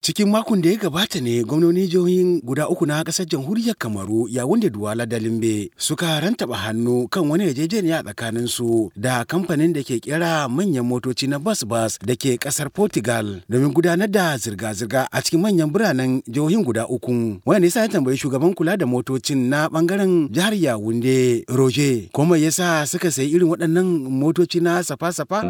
cikin makon da ya gabata ne gwamnonin jihohin guda uku na kasar jamhuriyar kamaru yawunde duwala da limbe suka rantaba hannu kan wani yarjejeniya tsakanin su da kamfanin da ke kera manyan motoci na bas bas da ke kasar portugal domin gudanar da zirga-zirga a cikin manyan biranen jihohin guda uku wanda yasa ya tambayi shugaban kula da motocin na bangaren jihar yawunde roje kuma yasa suka sayi irin waɗannan motoci na safa-safa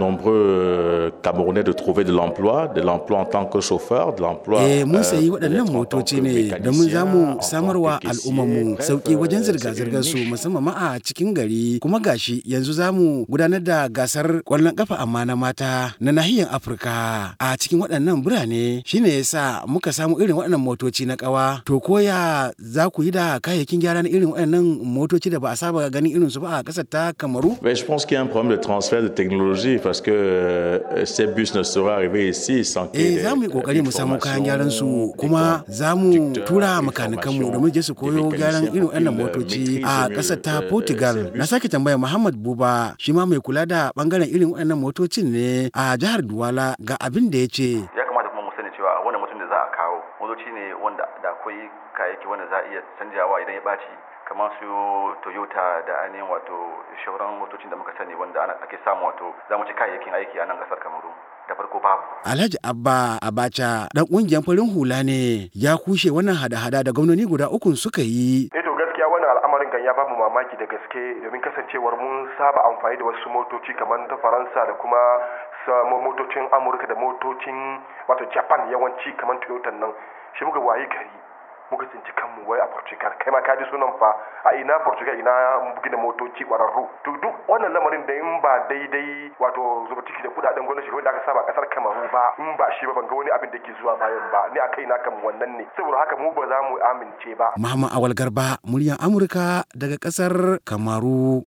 Camerounais de trouver de l'emploi, de l'emploi en tant que chauffeur, de l'emploi. Eh, mun euh, sayi waɗannan motoci ne domin za mu samarwa mu? sauƙi euh, wajen zirga-zirgar su musamman ma a cikin gari kuma gashi yanzu za mu gudanar da gasar ƙwallon kafa amma na mata na nahiyar Afirka a cikin waɗannan birane shine yasa muka samu irin waɗannan motoci na kawa? to koya za ku yi da kayayyakin gyara na irin waɗannan motoci da ba a saba ganin irinsu ba a ƙasar ta Kamaru. Mais je pense qu'il y a un problème de transfert de technologie parce que euh, eh za mu yi kokari mu samu kayan gyaran su kuma zamu mu tura mu domin je su koyo gyaran irin wannan euh, motoci a kasar ta euh, portugal na sake tambaya muhammad buba shi ma mai kula da bangaren irin wannan motocin ne a jihar duwala ga abin da ya ce ne wanda da akwai kayayyaki wanda za a iya canjawa idan ya ɓaci kamar su toyota da ainihin wato shauran motocin da muka sani wanda ana ake samu wato za mu ci kayayyakin aiki a nan ƙasar kamaru da farko babu. Alhaji Abba Abacha dan kungiyar farin hula ne ya kushe wannan hada-hada da gwamnoni guda ukun suka yi. eto eh gaskiya wannan al'amarin kan ya bamu mamaki da gaske domin kasancewar mun saba amfani da wasu motoci kamar ta Faransa da kuma motocin Amurka da motocin wato Japan yawanci kamar Toyota nan. shi muka waye gari muka tsinci kanmu wai a portugal kai ma ka ji sunan fa a ina portugal ina gina motoci kwararru to duk wannan lamarin da in ba daidai wato zuba ciki da kudaden gwamnati wanda aka saba kasar kamaru ba in ba shi ba banga wani abin da ke zuwa bayan ba ni akai na kan wannan ne saboda haka mu ba za mu amince ba mama awal garba muryar amurka daga kasar kamaru